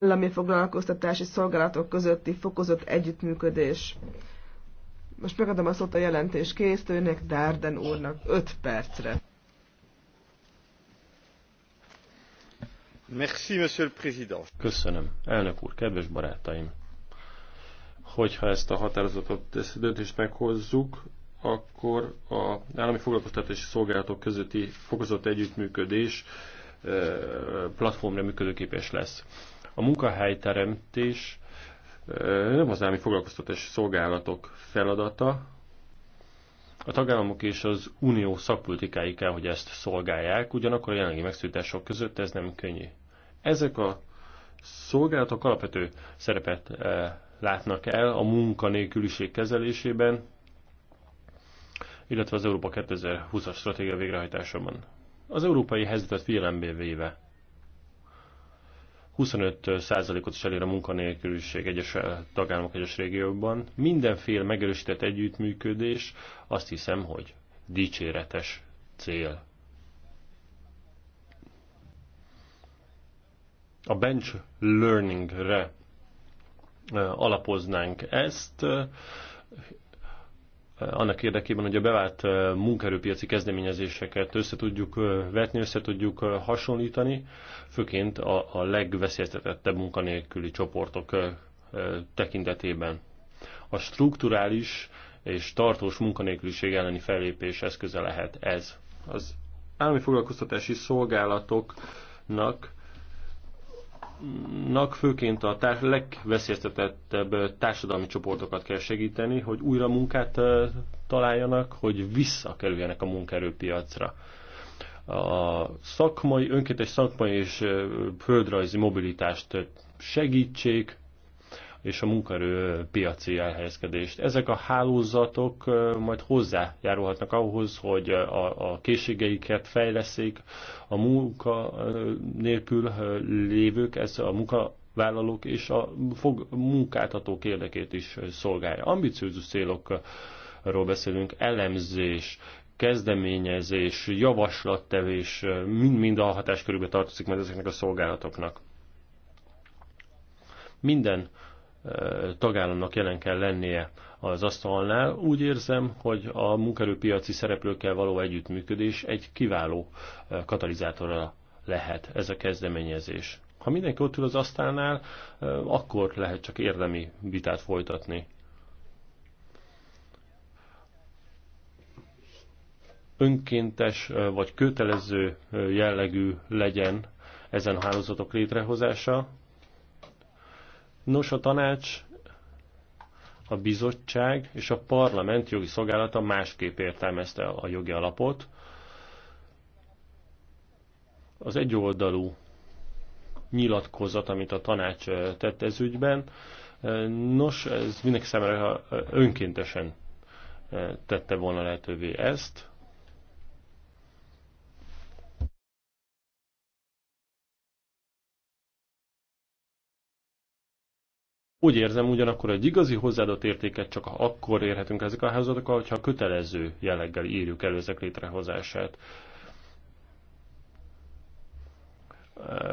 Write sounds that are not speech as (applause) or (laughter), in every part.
állami foglalkoztatási szolgálatok közötti fokozott együttműködés. Most megadom a szót a jelentés készítőnek, Dárden úrnak 5 percre. Merci, monsieur le président. Köszönöm. Elnök úr, kedves barátaim! Hogyha ezt a határozatot, ezt a döntést meghozzuk, akkor a állami foglalkoztatási szolgálatok közötti fokozott együttműködés eh, platformra működőképes lesz a munkahelyteremtés nem az állami foglalkoztatási szolgálatok feladata, a tagállamok és az unió szakpolitikái kell, hogy ezt szolgálják, ugyanakkor a jelenlegi megszűjtások között ez nem könnyű. Ezek a szolgálatok alapvető szerepet látnak el a munkanélküliség kezelésében, illetve az Európa 2020-as stratégia végrehajtásában. Az európai helyzetet figyelembe véve 25%-ot is elér a munkanélküliség egyes eh, tagállamok, egyes régiókban. Mindenféle megerősített együttműködés azt hiszem, hogy dicséretes cél. A bench learningre eh, alapoznánk ezt, Eh, annak érdekében, hogy a bevált eh, munkaerőpiaci kezdeményezéseket össze tudjuk eh, vetni, össze tudjuk hasonlítani, főként a, a legveszélyeztetettebb munkanélküli csoportok tekintetében. A strukturális és tartós munkanélküliség elleni fellépés eszköze lehet ez. Az állami foglalkoztatási szolgálatoknak nak főként a tár legveszélyeztetettebb társadalmi csoportokat kell segíteni, hogy újra munkát találjanak, hogy visszakerüljenek a munkaerőpiacra. A szakmai, önkéntes szakmai és földrajzi mobilitást segítsék, és a munkaerő piaci elhelyezkedést. Ezek a hálózatok majd hozzájárulhatnak ahhoz, hogy a, a készségeiket fejleszik a munka nélkül lévők, ez a munka vállalók és a fog, munkáltatók érdekét is szolgálja. Ambiciózus célokról beszélünk, elemzés, kezdeményezés, javaslattevés, mind-mind a hatáskörükbe tartozik majd ezeknek a szolgálatoknak. Minden tagállamnak jelen kell lennie az asztalnál. Úgy érzem, hogy a munkerőpiaci szereplőkkel való együttműködés egy kiváló katalizátora lehet ez a kezdeményezés. Ha mindenki ott ül az asztalnál, akkor lehet csak érdemi vitát folytatni. Önkéntes vagy kötelező jellegű legyen ezen hálózatok létrehozása, Nos, a tanács, a bizottság és a parlament jogi szolgálata másképp értelmezte a jogi alapot. Az egyoldalú nyilatkozat, amit a tanács tett ez ügyben, nos, ez mindenki számára önkéntesen tette volna lehetővé ezt, Úgy érzem ugyanakkor, hogy igazi hozzáadott értéket csak akkor érhetünk ezek a házadokkal, hogyha kötelező jelleggel írjuk elő ezek létrehozását.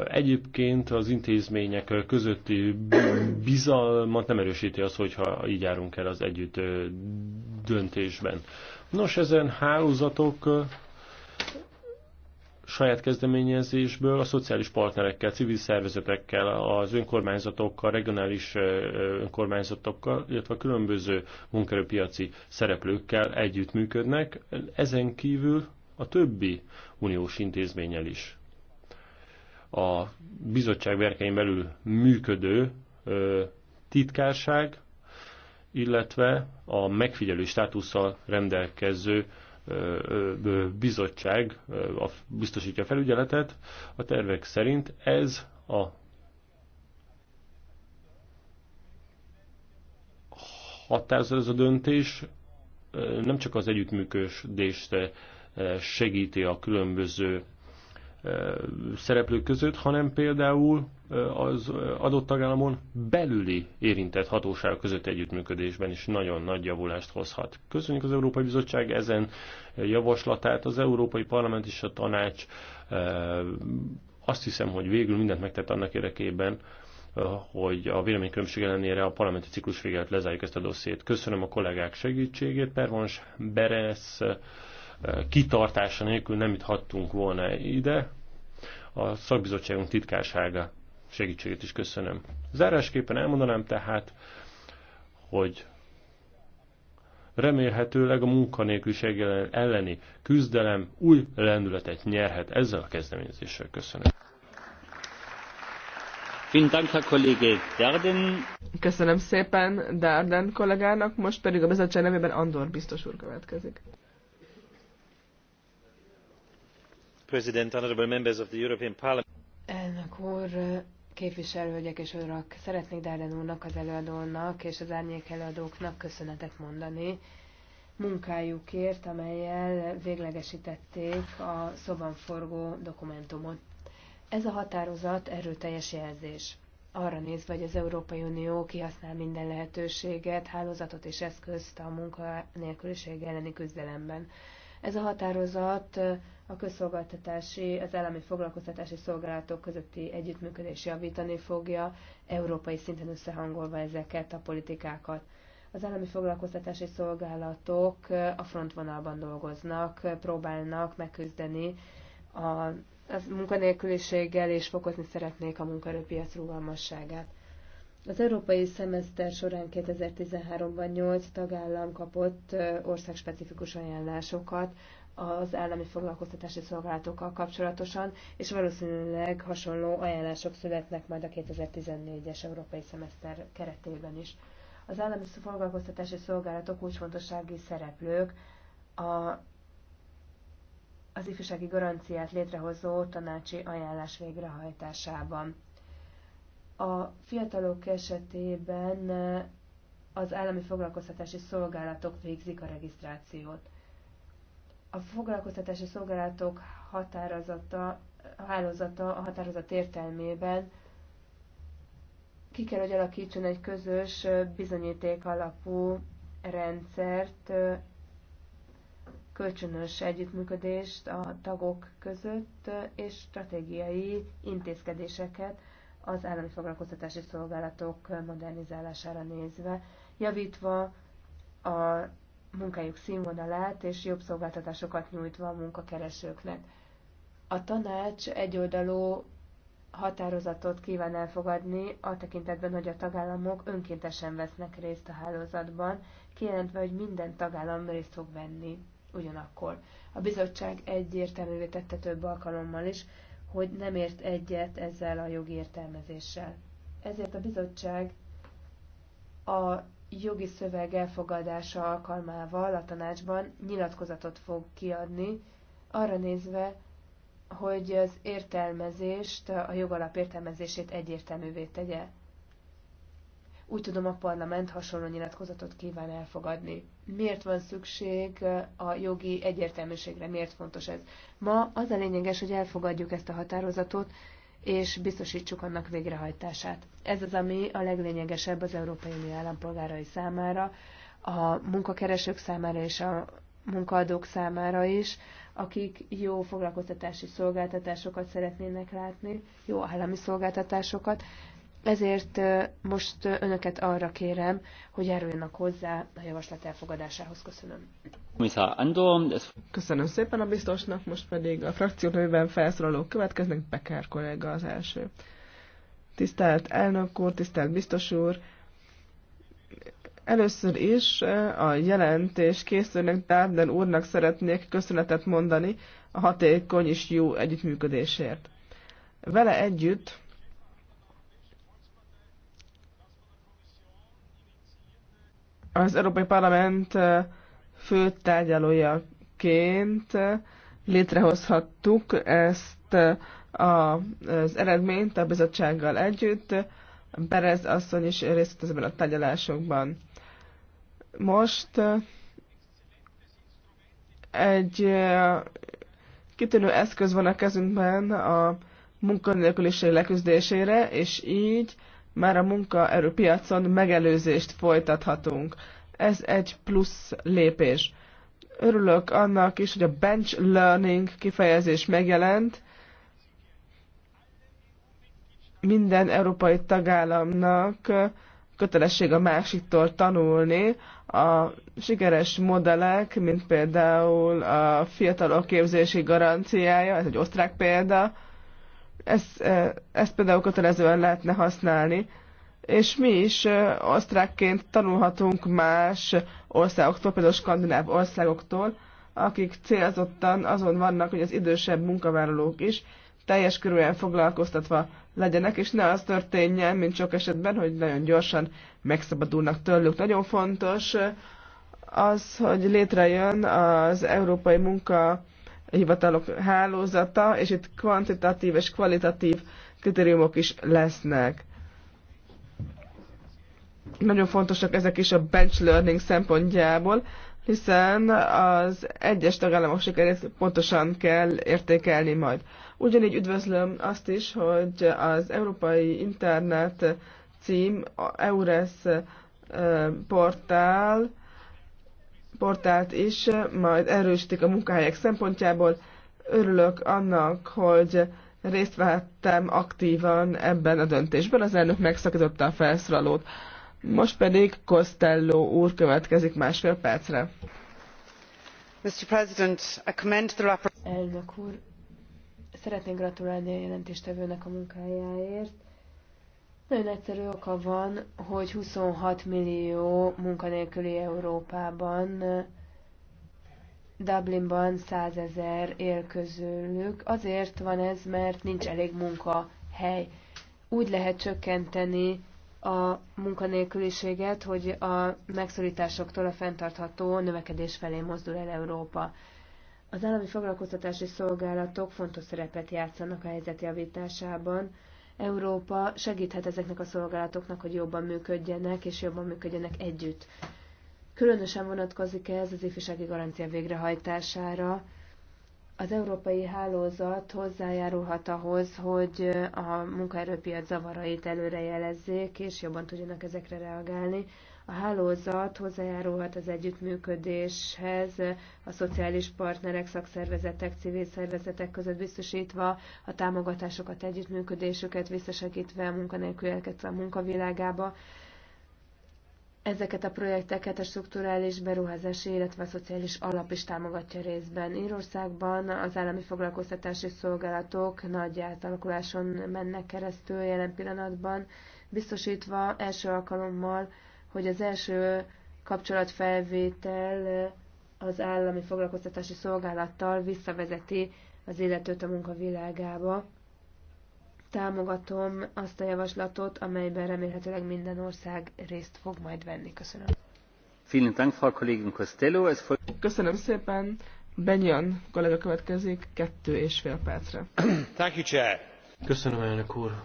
Egyébként az intézmények közötti bizalmat nem erősíti az, hogyha így járunk el az együtt döntésben. Nos, ezen hálózatok saját kezdeményezésből a szociális partnerekkel, civil szervezetekkel, az önkormányzatokkal, regionális önkormányzatokkal, illetve a különböző munkerőpiaci szereplőkkel együttműködnek, ezen kívül a többi uniós intézménnyel is. A bizottság verkein belül működő titkárság, illetve a megfigyelő státusszal rendelkező bizottság biztosítja a felügyeletet. A tervek szerint ez a határozat, ez a döntés nem csak az együttműködést segíti a különböző szereplők között, hanem például az adott tagállamon belüli érintett hatóságok között együttműködésben is nagyon nagy javulást hozhat. Köszönjük az Európai Bizottság ezen javaslatát, az Európai Parlament és a tanács azt hiszem, hogy végül mindent megtett annak érdekében, hogy a véleménykülönbség ellenére a parlamenti ciklus végelt lezárjuk ezt a dossziét. Köszönöm a kollégák segítségét, Pervons Beresz kitartása nélkül nem juthattunk volna ide a szakbizottságunk titkársága segítségét is köszönöm. Zárásképpen elmondanám tehát, hogy remélhetőleg a munkanélküliség elleni küzdelem új lendületet nyerhet ezzel a kezdeményezéssel. Köszönöm. Köszönöm szépen Darden kollégának, most pedig a bizottság nevében Andor biztos úr következik. elnök úr képviselőhölgyek és urak! szeretnék daerden úrnak az előadónak és az árnyékelőadóknak köszönetet mondani munkájukért amellyel véglegestették a szóban forgó dokumentumot. ez a határozat erőteljes jelzés arra nézve, hogy az Európai Unió kihasznál minden lehetőséget, hálózatot és eszközt a munkanélküliség elleni küzdelemben. Ez a határozat a közszolgáltatási, az állami foglalkoztatási szolgálatok közötti együttműködés javítani fogja, európai szinten összehangolva ezeket a politikákat. Az állami foglalkoztatási szolgálatok a frontvonalban dolgoznak, próbálnak megküzdeni a a munkanélküliséggel, és fokozni szeretnék a munkaerőpiac rugalmasságát. Az európai szemeszter során 2013-ban 8 tagállam kapott országspecifikus ajánlásokat az állami foglalkoztatási szolgálatokkal kapcsolatosan, és valószínűleg hasonló ajánlások születnek majd a 2014-es európai szemeszter keretében is. Az állami foglalkoztatási szolgálatok kulcsfontossági szereplők a, az ifjúsági garanciát létrehozó tanácsi ajánlás végrehajtásában. A fiatalok esetében az állami foglalkoztatási szolgálatok végzik a regisztrációt a foglalkoztatási szolgálatok határozata, hálózata a határozat értelmében ki kell, hogy alakítson egy közös bizonyíték alapú rendszert, kölcsönös együttműködést a tagok között, és stratégiai intézkedéseket az állami foglalkoztatási szolgálatok modernizálására nézve, javítva a munkájuk színvonalát és jobb szolgáltatásokat nyújtva a munkakeresőknek. A tanács egyoldalú határozatot kíván elfogadni a tekintetben, hogy a tagállamok önkéntesen vesznek részt a hálózatban, kijelentve, hogy minden tagállam részt fog venni ugyanakkor. A bizottság egyértelművé tette több alkalommal is, hogy nem ért egyet ezzel a jogi értelmezéssel. Ezért a bizottság a jogi szöveg elfogadása alkalmával a tanácsban nyilatkozatot fog kiadni, arra nézve, hogy az értelmezést, a jogalap értelmezését egyértelművé tegye. Úgy tudom, a parlament hasonló nyilatkozatot kíván elfogadni. Miért van szükség a jogi egyértelműségre? Miért fontos ez? Ma az a lényeges, hogy elfogadjuk ezt a határozatot, és biztosítsuk annak végrehajtását. Ez az, ami a leglényegesebb az Európai Unió állampolgárai számára, a munkakeresők számára és a munkaadók számára is, akik jó foglalkoztatási szolgáltatásokat szeretnének látni, jó állami szolgáltatásokat, ezért most önöket arra kérem, hogy járuljanak hozzá a javaslat elfogadásához. Köszönöm. Köszönöm szépen a biztosnak, most pedig a frakció nőben felszólalók következnek, Bekár kollega az első. Tisztelt elnök úr, tisztelt biztos úr, Először is a jelentés készülnek Dárden úrnak szeretnék köszönetet mondani a hatékony és jó együttműködésért. Vele együtt az Európai Parlament fő tárgyalójaként létrehozhattuk ezt az eredményt a bizottsággal együtt. Berez asszony is részt ezekben a tárgyalásokban. Most egy kitűnő eszköz van a kezünkben a munkanélküliség leküzdésére, és így már a munkaerőpiacon megelőzést folytathatunk. Ez egy plusz lépés. Örülök annak is, hogy a bench learning kifejezés megjelent. Minden európai tagállamnak kötelesség a másiktól tanulni. A sikeres modellek, mint például a fiatalok képzési garanciája, ez egy osztrák példa, ezt, ezt például kötelezően lehetne használni, és mi is osztrákként tanulhatunk más országoktól, például skandináv országoktól, akik célzottan azon vannak, hogy az idősebb munkavállalók is teljes körülön foglalkoztatva legyenek, és ne az történjen, mint sok esetben, hogy nagyon gyorsan megszabadulnak tőlük. Nagyon fontos az, hogy létrejön az európai munka hivatalok hálózata, és itt kvantitatív és kvalitatív kritériumok is lesznek. Nagyon fontosak ezek is a bench learning szempontjából, hiszen az egyes tagállamok sikerét pontosan kell értékelni majd. Ugyanígy üdvözlöm azt is, hogy az Európai Internet cím, a EURES portál portált is, eh, majd erősítik a munkahelyek szempontjából. Örülök annak, hogy részt vehettem aktívan ebben a döntésben. Az elnök megszakította a felszólalót. Most pedig Costello úr következik másfél percre. Mr. President, I commend the rapport. Elnök úr, szeretnék gratulálni a jelentéstevőnek a munkájáért nagyon egyszerű oka van, hogy 26 millió munkanélküli Európában, Dublinban 100 ezer él közülük. Azért van ez, mert nincs elég munkahely. Úgy lehet csökkenteni a munkanélküliséget, hogy a megszorításoktól a fenntartható növekedés felé mozdul el Európa. Az állami foglalkoztatási szolgálatok fontos szerepet játszanak a helyzet javításában, Európa segíthet ezeknek a szolgálatoknak, hogy jobban működjenek, és jobban működjenek együtt. Különösen vonatkozik ez az ifjúsági garancia végrehajtására. Az európai hálózat hozzájárulhat ahhoz, hogy a munkaerőpiac zavarait előrejelezzék, és jobban tudjanak ezekre reagálni. A hálózat hozzájárulhat az együttműködéshez a szociális partnerek, szakszervezetek, civil szervezetek között biztosítva a támogatásokat, együttműködésüket, visszasegítve a munkanélkülieket a munkavilágába. Ezeket a projekteket a strukturális beruházási, illetve a szociális alap is támogatja részben. Írországban az állami foglalkoztatási szolgálatok nagy átalakuláson mennek keresztül jelen pillanatban, biztosítva első alkalommal hogy az első kapcsolatfelvétel az állami foglalkoztatási szolgálattal visszavezeti az illetőt a munkavilágába. Támogatom azt a javaslatot, amelyben remélhetőleg minden ország részt fog majd venni. Köszönöm. Köszönöm szépen. Benyan kollega következik kettő és fél percre. Thank you, Chair. Köszönöm, elnök úr.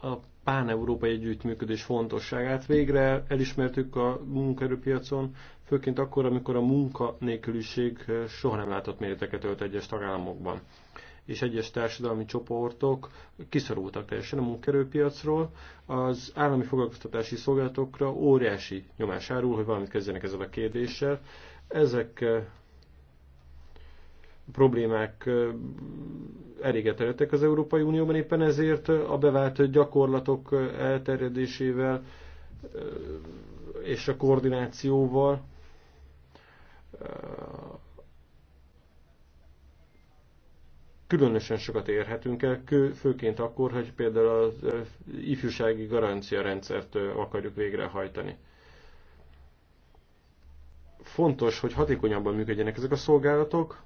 A pán-európai együttműködés fontosságát. Végre elismertük a munkaerőpiacon, főként akkor, amikor a munkanélküliség eh, soha nem látott méreteket ölt egyes tagállamokban és egyes társadalmi csoportok kiszorultak teljesen a munkerőpiacról, az állami foglalkoztatási szolgálatokra óriási nyomás árul, hogy valamit kezdjenek ezzel a kérdéssel. Ezek eh, problémák eléget előttek az Európai Unióban, éppen ezért a bevált gyakorlatok elterjedésével és a koordinációval különösen sokat érhetünk el, főként akkor, hogy például az ifjúsági garancia rendszert akarjuk végrehajtani. Fontos, hogy hatékonyabban működjenek ezek a szolgálatok,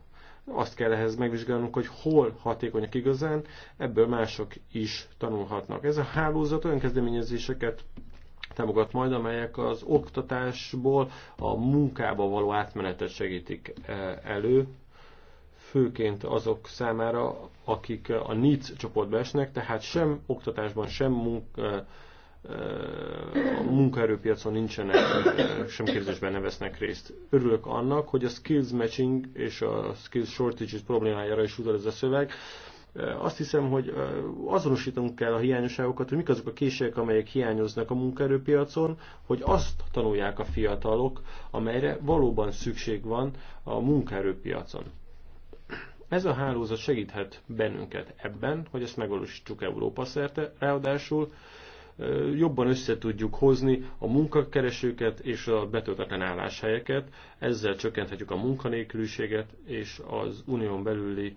azt kell ehhez megvizsgálnunk, hogy hol hatékonyak igazán, ebből mások is tanulhatnak. Ez a hálózat olyan kezdeményezéseket támogat majd, amelyek az oktatásból a munkába való átmenetet segítik e, elő, főként azok számára, akik a NIC csoportba esnek, tehát sem oktatásban, sem munkában, e, a munkaerőpiacon nincsenek, sem képzésben ne vesznek részt. Örülök annak, hogy a skills matching és a skills shortage problémájára is utal ez a szöveg. Azt hiszem, hogy azonosítunk kell a hiányosságokat, hogy mik azok a készségek, amelyek hiányoznak a munkaerőpiacon, hogy azt tanulják a fiatalok, amelyre valóban szükség van a munkaerőpiacon. Ez a hálózat segíthet bennünket ebben, hogy ezt megvalósítsuk Európa szerte, ráadásul jobban össze tudjuk hozni a munkakeresőket és a betöltetlen álláshelyeket, ezzel csökkenthetjük a munkanélküliséget és az unión belüli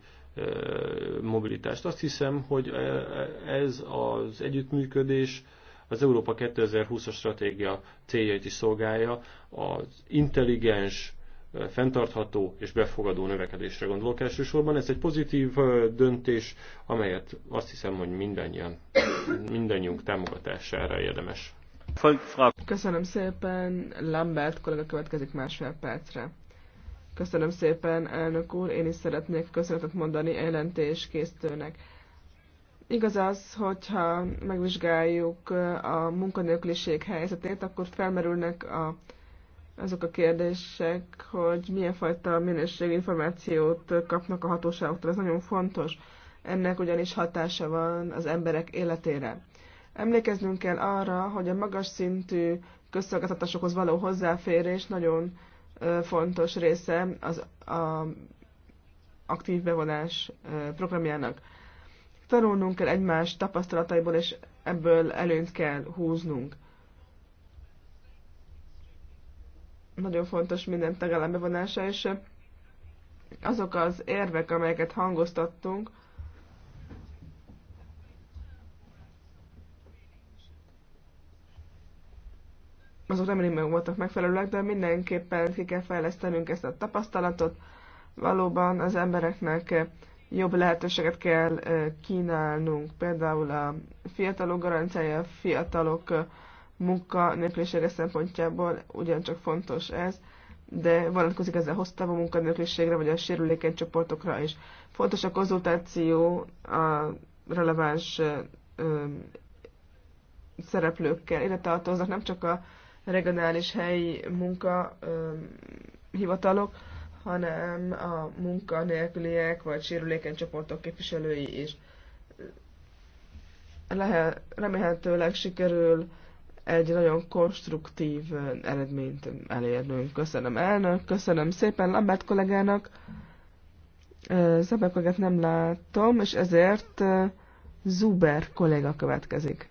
mobilitást. Azt hiszem, hogy e, e, ez az együttműködés az Európa 2020-as stratégia céljait is szolgálja, az intelligens, fenntartható és befogadó növekedésre gondolok elsősorban. Ez egy pozitív döntés, amelyet azt hiszem, hogy mindannyian, mindannyiunk támogatására érdemes. Köszönöm szépen, Lambert kollega következik másfél percre. Köszönöm szépen, elnök úr, én is szeretnék köszönetet mondani a jelentés készítőnek. Igaz az, hogyha megvizsgáljuk a munkanélküliség helyzetét, akkor felmerülnek a azok a kérdések, hogy milyen fajta minőségű információt kapnak a hatóságoktól. Ez nagyon fontos. Ennek ugyanis hatása van az emberek életére. Emlékeznünk kell arra, hogy a magas szintű közszolgáltatásokhoz való hozzáférés nagyon fontos része az a aktív bevonás programjának. Tanulnunk kell egymás tapasztalataiból, és ebből előnyt kell húznunk. nagyon fontos minden tagállam bevonása, és eh, azok az érvek, amelyeket hangoztattunk, azok remélem meg voltak megfelelőek, de mindenképpen ki kell fejlesztenünk ezt a tapasztalatot. Valóban az embereknek eh, jobb lehetőséget kell eh, kínálnunk, például a fiatalok garanciája, a fiatalok munka munkanélkülisége szempontjából ugyancsak fontos ez, de vonatkozik ezzel hoztávú hosszú vagy a sérülékeny csoportokra is. Fontos a konzultáció a releváns ö, szereplőkkel. Ide tartoznak nem csak a regionális helyi munkahivatalok, hanem a munkanélküliek vagy sérülékeny csoportok képviselői is. Lehet, remélhetőleg sikerül egy nagyon konstruktív eh, eredményt elérnünk. Köszönöm elnök, köszönöm szépen Lambert kollégának. Eh, Zabek kollégát nem látom, és ezért eh, Zuber kolléga következik.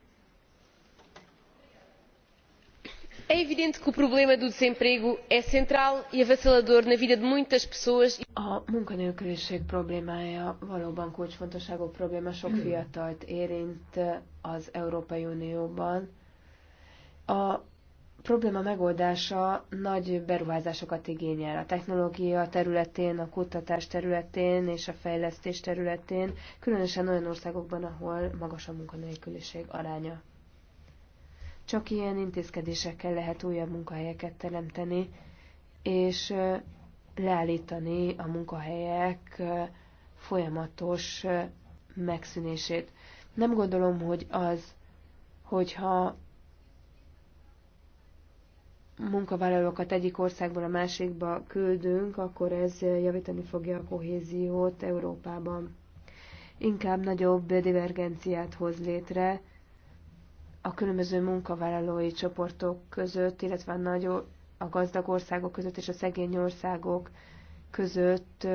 É evidente que o problema do desemprego é central e avassalador na vida de muitas pessoas. A munkanélküliség problémája valóban kulcsfontosságú probléma, sok (clears throat) fiatalt érint az Európai Unióban a probléma megoldása nagy beruházásokat igényel a technológia területén, a kutatás területén és a fejlesztés területén, különösen olyan országokban, ahol magas a munkanélküliség aránya. Csak ilyen intézkedésekkel lehet újabb munkahelyeket teremteni, és leállítani a munkahelyek folyamatos megszűnését. Nem gondolom, hogy az, hogyha munkavállalókat egyik országból a másikba küldünk, akkor ez javítani fogja a kohéziót Európában. Inkább nagyobb divergenciát hoz létre a különböző munkavállalói csoportok között, illetve a, nagy, a gazdag országok között és a szegény országok között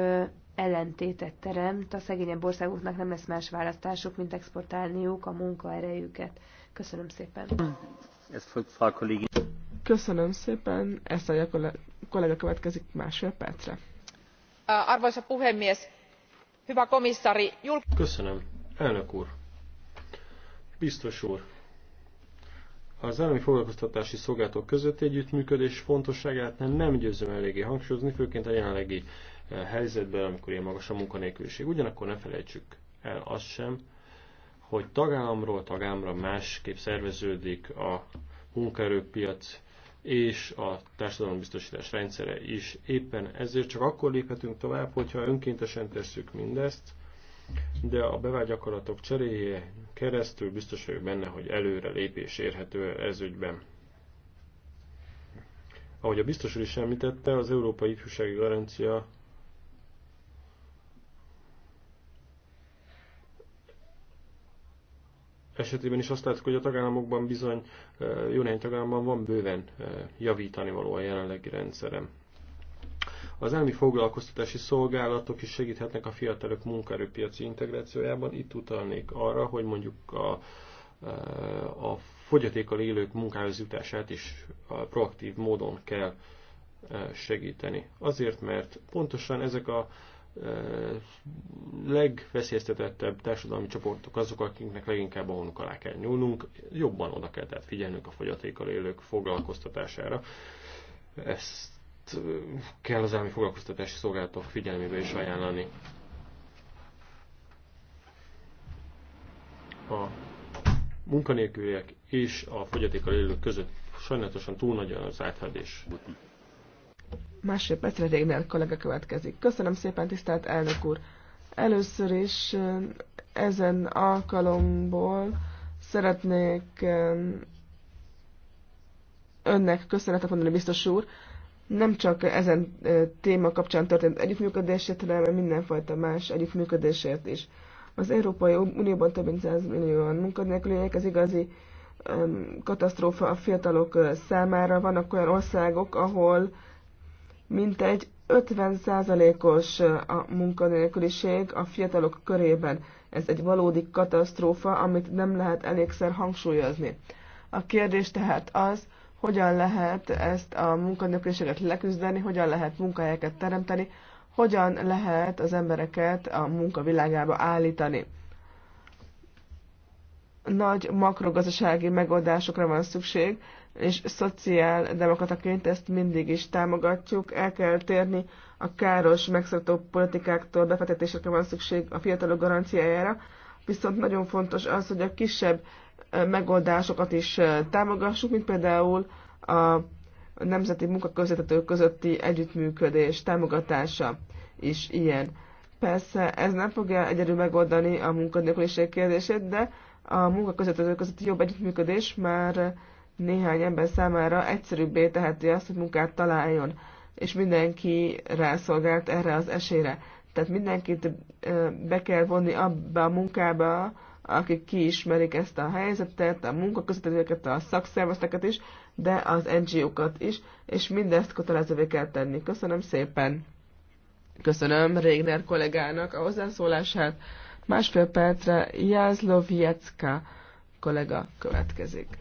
ellentétet teremt. A szegényebb országoknak nem lesz más választásuk, mint exportálniuk a munkaerejüket. Köszönöm szépen. Ez fog Köszönöm szépen, ezt a kollega következik másfél percre. Arvoisa puhemies, hyvä komissari, jul... Köszönöm, elnök úr. Biztos úr, az állami foglalkoztatási szolgáltatók között együttműködés fontosságát nem győzöm eléggé hangsúlyozni, főként a jelenlegi helyzetben, amikor ilyen magas a munkanélküliség. Ugyanakkor ne felejtsük el azt sem, hogy tagállamról tagállamra másképp szerveződik a munkaerőpiac és a társadalombiztosítás rendszere is. Éppen ezért csak akkor léphetünk tovább, hogyha önkéntesen tesszük mindezt, de a bevált gyakorlatok cseréje keresztül biztos vagyok benne, hogy előre lépés érhető ez ügyben. Ahogy a biztos úr is említette, az Európai Ifjúsági Garancia esetében is azt látjuk, hogy a tagállamokban bizony, jó néhány tagállamban van bőven javítani való a jelenlegi rendszerem. Az elmi foglalkoztatási szolgálatok is segíthetnek a fiatalok munkaerőpiaci integrációjában. Itt utalnék arra, hogy mondjuk a, a fogyatékkal élők munkához jutását is proaktív módon kell segíteni. Azért, mert pontosan ezek a legveszélyeztetettebb társadalmi csoportok azok, akiknek leginkább a honuk alá kell nyúlnunk, jobban oda kell tehát figyelnünk a fogyatékkal élők foglalkoztatására. Ezt kell az állami foglalkoztatási szolgálatok figyelmébe is ajánlani. A munkanélküliek és a fogyatékkal élők között sajnálatosan túl nagy az átfedés másfél percre a kollega következik. Köszönöm szépen, tisztelt elnök úr! Először is eh, ezen alkalomból szeretnék eh, önnek köszönetet mondani, biztos úr, nem csak ezen eh, téma kapcsán történt együttműködésért, hanem mindenfajta más együttműködésért is. Az Európai Unióban több mint 100 millióan munkanélküliek, ez igazi katasztrófa a fiatalok számára. Vannak olyan országok, ahol mintegy 50%-os a munkanélküliség a fiatalok körében. Ez egy valódi katasztrófa, amit nem lehet elégszer hangsúlyozni. A kérdés tehát az, hogyan lehet ezt a munkanélküliséget leküzdeni, hogyan lehet munkahelyeket teremteni, hogyan lehet az embereket a munkavilágába állítani. Nagy makrogazdasági megoldásokra van szükség, és szociáldemokrataként ezt mindig is támogatjuk. El kell térni a káros, megszorító politikáktól, befektetésekre van szükség a fiatalok garanciájára, viszont nagyon fontos az, hogy a kisebb megoldásokat is támogassuk, mint például a nemzeti munkaközvetetők közötti együttműködés támogatása is ilyen. Persze ez nem fogja egyedül megoldani a munkanélküliség kérdését, de a munkaközvetők közötti jobb együttműködés már néhány ember számára egyszerűbbé teheti azt, hogy munkát találjon, és mindenki rászolgált erre az esélyre. Tehát mindenkit be kell vonni abba a munkába, akik kiismerik ezt a helyzetet, a munkaközvetítőket, a szakszervezeteket is, de az NGO-kat is, és mindezt kötelezővé kell tenni. Köszönöm szépen! Köszönöm Régner kollégának a hozzászólását. Másfél percre Jászlov kollega következik.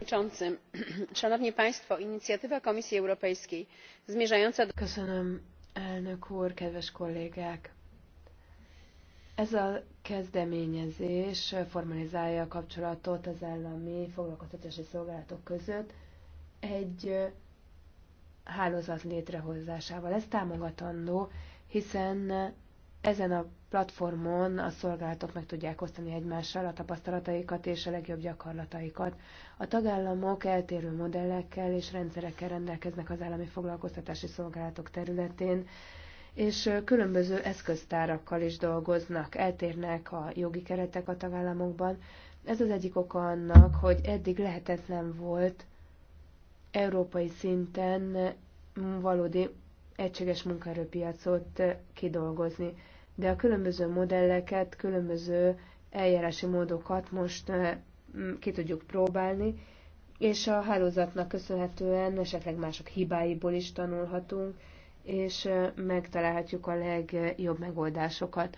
Köszönöm, elnök úr, kedves kollégák! Ez a kezdeményezés formalizálja a kapcsolatot az állami foglalkoztatási szolgálatok között egy hálózat létrehozásával. Ez támogatandó, hiszen ezen a platformon a szolgálatok meg tudják osztani egymással a tapasztalataikat és a legjobb gyakorlataikat. A tagállamok eltérő modellekkel és rendszerekkel rendelkeznek az állami foglalkoztatási szolgálatok területén, és különböző eszköztárakkal is dolgoznak, eltérnek a jogi keretek a tagállamokban. Ez az egyik oka annak, hogy eddig lehetetlen volt európai szinten valódi egységes munkaerőpiacot kidolgozni de a különböző modelleket, különböző eljárási módokat most eh, ki tudjuk próbálni, és a hálózatnak köszönhetően esetleg mások hibáiból is tanulhatunk, és eh, megtalálhatjuk a legjobb megoldásokat.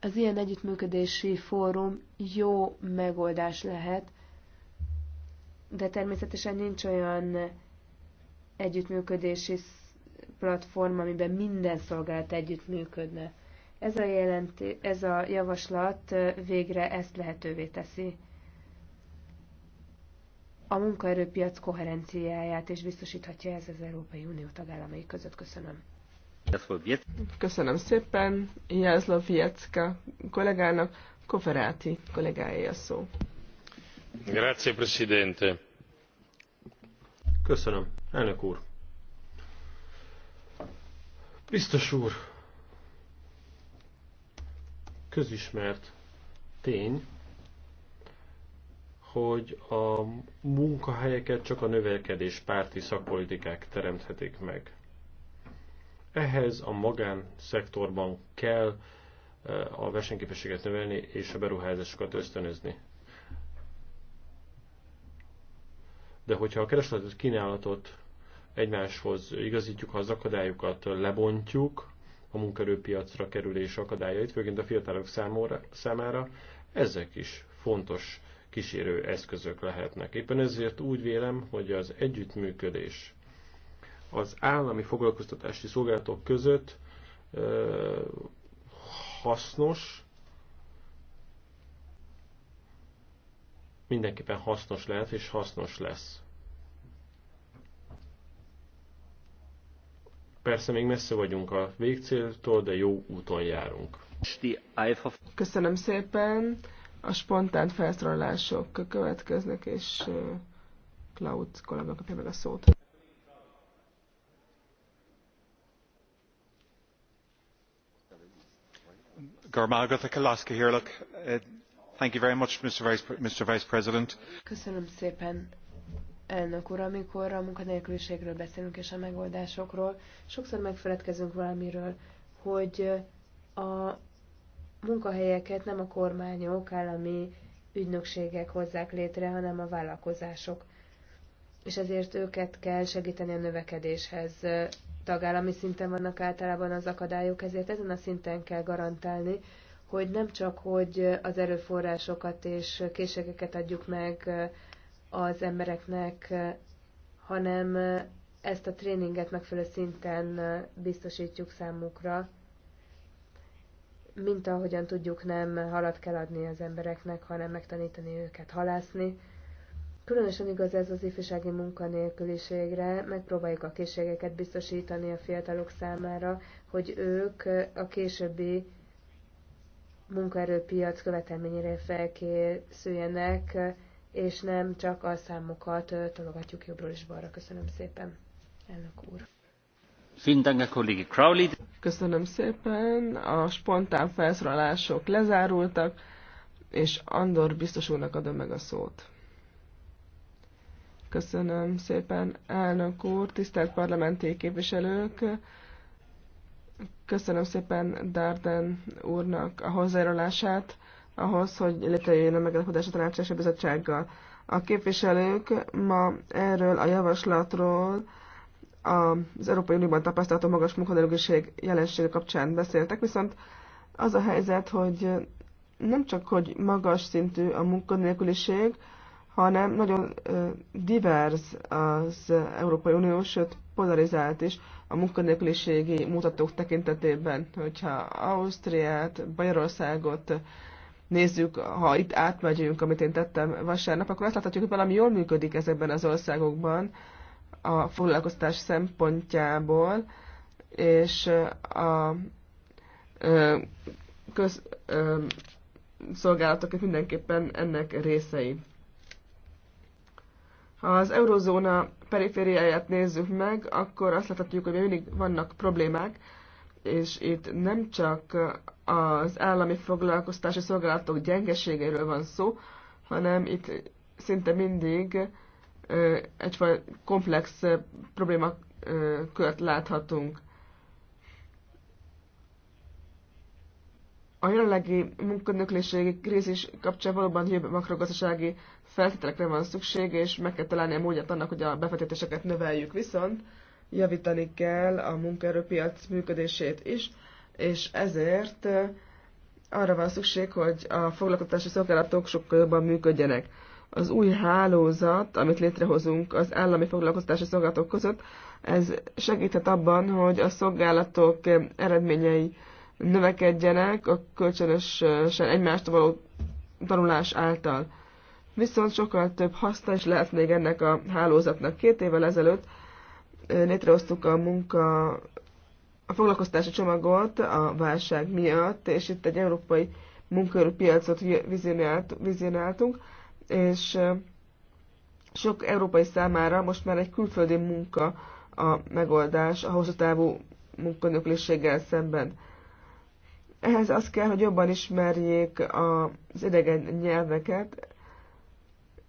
Az ilyen együttműködési fórum jó megoldás lehet, de természetesen nincs olyan együttműködési platform, amiben minden szolgálat együttműködne. Ez a, jelenti, ez a javaslat végre ezt lehetővé teszi. A munkaerőpiac koherenciáját és biztosíthatja ez az Európai Unió tagállamai között. Köszönöm. Köszönöm szépen Jászló Viecka kollégának, Koferáti kollégája a szó. Grazie, Presidente. Köszönöm, elnök úr. Biztos úr, közismert tény, hogy a munkahelyeket csak a növekedés párti szakpolitikák teremthetik meg. Ehhez a magánszektorban kell e, a versenyképességet növelni és a beruházásokat ösztönözni. De hogyha a keresletet kínálatot egymáshoz igazítjuk, ha az akadályokat lebontjuk, a munkerőpiacra kerülés akadályait, főként a fiatalok számóra, számára, ezek is fontos kísérő eszközök lehetnek. Éppen ezért úgy vélem, hogy az együttműködés az állami foglalkoztatási szolgálatok között ö, hasznos, mindenképpen hasznos lehet és hasznos lesz. Persze még messze vagyunk a végcéltól, de jó úton járunk. Köszönöm szépen. A spontán felszorolások következnek, és Cloud kollega kapja meg a szót. Thank you very much, Mr. Vice President. Köszönöm szépen, elnök úr, amikor a munkanélküliségről beszélünk és a megoldásokról, sokszor megfeledkezünk valamiről, hogy a munkahelyeket nem a kormányok, állami ügynökségek hozzák létre, hanem a vállalkozások. És ezért őket kell segíteni a növekedéshez. Tagállami szinten vannak általában az akadályok, ezért ezen a szinten kell garantálni, hogy nem csak, hogy az erőforrásokat és készségeket adjuk meg az embereknek, hanem ezt a tréninget megfelelő szinten biztosítjuk számukra, mint ahogyan tudjuk, nem halat kell adni az embereknek, hanem megtanítani őket halászni. Különösen igaz ez az ifjúsági munkanélküliségre, megpróbáljuk a készségeket biztosítani a fiatalok számára, hogy ők a későbbi munkaerőpiac követelményére felkészüljenek, és nem csak a számokat tologatjuk jobbról és balra. Köszönöm szépen, elnök úr. Köszönöm szépen, a spontán felszólalások lezárultak, és Andor biztos úrnak adom meg a szót. Köszönöm szépen, elnök úr, tisztelt parlamenti képviselők! Köszönöm szépen Darden úrnak a hozzájárulását ahhoz, hogy létrejöjjön a megállapodás a tanácsási a bizottsággal. A képviselők ma erről a javaslatról az Európai Unióban tapasztalható magas munkanélküliség jelensége kapcsán beszéltek, viszont az a helyzet, hogy nem csak, hogy magas szintű a munkanélküliség, hanem nagyon divers az Európai Unió, sőt polarizált is a munkanélküliségi mutatók tekintetében, hogyha Ausztriát, Bajorországot nézzük, ha itt átmegyünk, amit én tettem vasárnap, akkor azt láthatjuk, hogy valami jól működik ezekben az országokban a foglalkoztás szempontjából, és a közszolgálatok mindenképpen ennek részei. Ha az eurozóna perifériáját nézzük meg, akkor azt láthatjuk, hogy mindig vannak problémák, és itt nem csak az állami foglalkoztási szolgálatok gyengeségeiről van szó, hanem itt szinte mindig egyfajta komplex problémakört láthatunk. A jelenlegi munkanöklésségi krízis kapcsán valóban jobb makrogazdasági feltételekre van szükség, és meg kell találni a módját annak, hogy a befektetéseket növeljük. Viszont javítani kell a munkaerőpiac működését is, és ezért arra van szükség, hogy a foglalkoztatási szolgálatok sokkal jobban működjenek. Az új hálózat, amit létrehozunk az állami foglalkoztatási szolgálatok között, ez segíthet abban, hogy a szolgálatok eredményei növekedjenek a kölcsönösen egymást való tanulás által. Viszont sokkal több haszna is lehet még ennek a hálózatnak. Két évvel ezelőtt létrehoztuk a munka a foglalkoztási csomagot a válság miatt, és itt egy európai munkaerőpiacot vizionáltunk, és sok európai számára most már egy külföldi munka a megoldás a hosszú távú munkanöklisséggel szemben. Ehhez az kell, hogy jobban ismerjék az idegen nyelveket,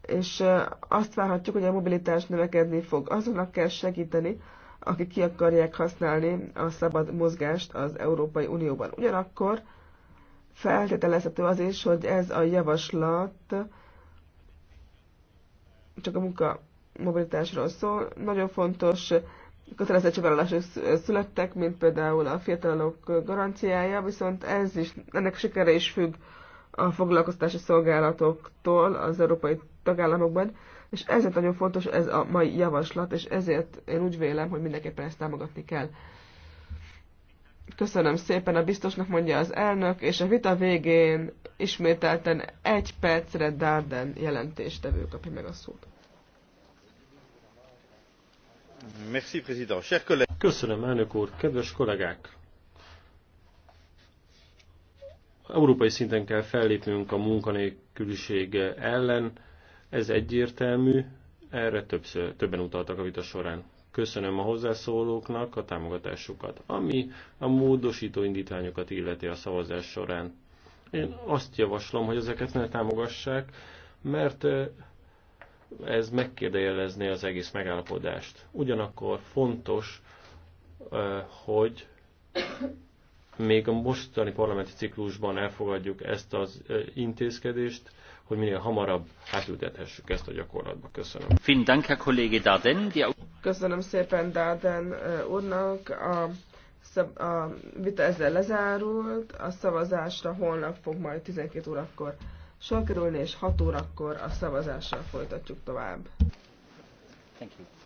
és azt várhatjuk, hogy a mobilitás növekedni fog. Azonnak kell segíteni, akik ki akarják használni a szabad mozgást az Európai Unióban. Ugyanakkor feltételezhető az is, hogy ez a javaslat csak a munka mobilitásról szól. Nagyon fontos kötelezettségvállalások születtek, mint például a fiatalok garanciája, viszont ez is, ennek sikere is függ a foglalkoztási szolgálatoktól az európai tagállamokban és ezért nagyon fontos ez a mai javaslat, és ezért én úgy vélem, hogy mindenképpen ezt támogatni kell. Köszönöm szépen a biztosnak, mondja az elnök, és a vita végén ismételten egy percre Darden jelentéstevő kapja meg a szót. Köszönöm, elnök úr, kedves kollégák! Európai szinten kell fellépnünk a munkanélküliség ellen, ez egyértelmű, erre többször, többen utaltak a vita során. Köszönöm a hozzászólóknak a támogatásukat, ami a módosító indítványokat illeti a szavazás során. Én azt javaslom, hogy ezeket ne támogassák, mert ez megkérdőjelezné az egész megállapodást. Ugyanakkor fontos, hogy még a mostani parlamenti ciklusban elfogadjuk ezt az intézkedést, hogy minél hamarabb átültethessük ezt a gyakorlatba. Köszönöm. Köszönöm szépen Dáden úrnak. A, a vita ezzel lezárult, a szavazásra holnap fog majd 12 órakor sor kerülni, és 6 órakor a szavazással folytatjuk tovább. Thank you.